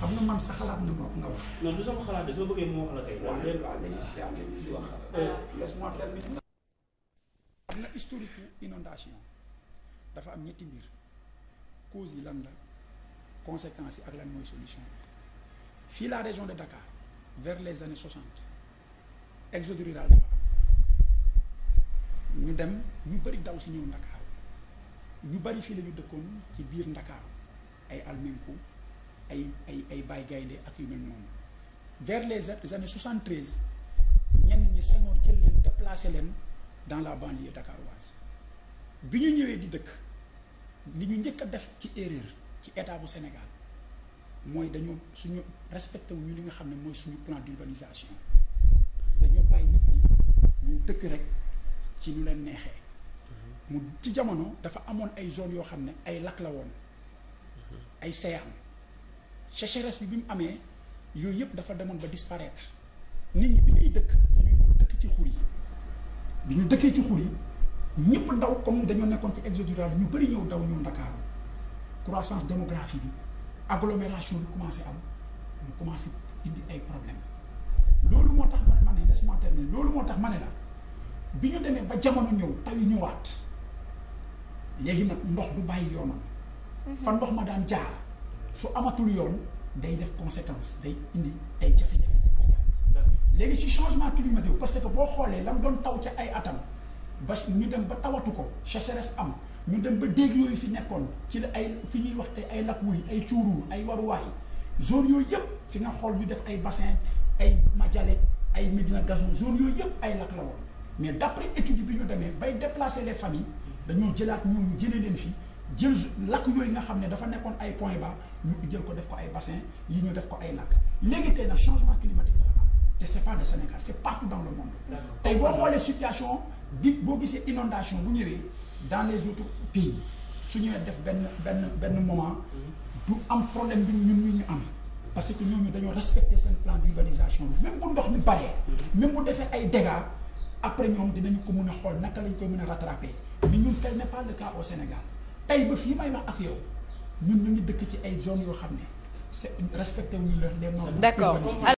xam nga man sa xalaat nga bopp soo bëggee mu wax la kay. waaw wax. Ah. Euh, laisse am na historique inondation dafa am ñetti mbir cause yi lan la conséquences yi ak lan mooy solution fii la région de Dakar vers les années soixante exode ñu dem ñu bari daw si ñëw Ndakaaru ñu bari fii lañu ñu dëkkoon ci biir Ndakaaru ay almenko ay ay ay Baye Gaynde ak yu mel noonu vers les années 73 ñenn ñi Senghor jël leen déplacé leen dans la banlieue dakaroise bi ñu ñëwee di dëkk li ñu njëkk a def ci erreur ci état bu Sénégal mooy dañoo suñu respecté wuñu li nga xam ne mooy suñu plan d'urbanisation dañoo bàyyi nit ñu dëkk rek ci ñu leen neexee mhm. mu ci jamono dafa amoon ay zone yoo xam ne ay lakk la woon mhm. ay seyaan sécheresse bi bi mu amee yooyu yëpp dafa demoon ba disparaître nit ñi bi ñuy dëkk ñu dëkk ci xur yi bi ñu dëkkee ci xur yi ñëpp ndaw comme dañoo nekkoon ci exode rural ñu bëri ñëw daw ñëw Ndakaaru croissance démographique bi agglomération bi commencé am ñu commencé indi ay problème loolu moo tax man ma ne laisse-moi loolu moo tax ma ne la bi ñu demee ba jamono ñëw taw yi ñëwaat léegi nag ndox du bàyyi yoonam. Mhm. fa ndox ma daan jaar. su amatul yoon day def conséquence day indi ay jafe-jafe ci askan léegi ci changement climatique parce que boo xoolee lam doon taw ca ay atam ba ñu dem ba tawatu ko sécheresse am ñu dem ba déeg yooyu fi nekkoon ci la ay fi ñuy wax te ay lakk wuy ay cuuru ay waruwaay zone yooyu yëpp fi nga xool ñu def ay bassin ay majale ay médina gazon zone yooyu yëpp ay lakk la woon mais d'après étude bi ñu demee bay déplacer les familles dañoo jëlaat ñooñu jëlee leen fii jël lakk yooyu nga xam ne dafa nekkoon ay point ba ñu jël ko def ko ay bassin yi ñu def ko ay lakk léegi tey nag changement climatique dafa am te c'est pas le Sénégal c'est partout dans le monde tey boo xoolee situation bi boo gisee inondation bu ñëwee dans les autres pays su ñëwee def benn benn benn moment mhm. du am problème bi ñun ñu ñu am parce que ñooñu dañoo respecter seen plan d'urbanisation même bu ndox mi baree mhm. même bu defee ay dégâts après ñoom dinañu ko mun a xool naka lañ koy mun a rattraper mais ñun tel n'est au Sénégal ay bëf fii may wax ak yow ñun ñu ngi dëkk ci ay zone yoo xam ne c'est respecté wuñu les normes. d'accord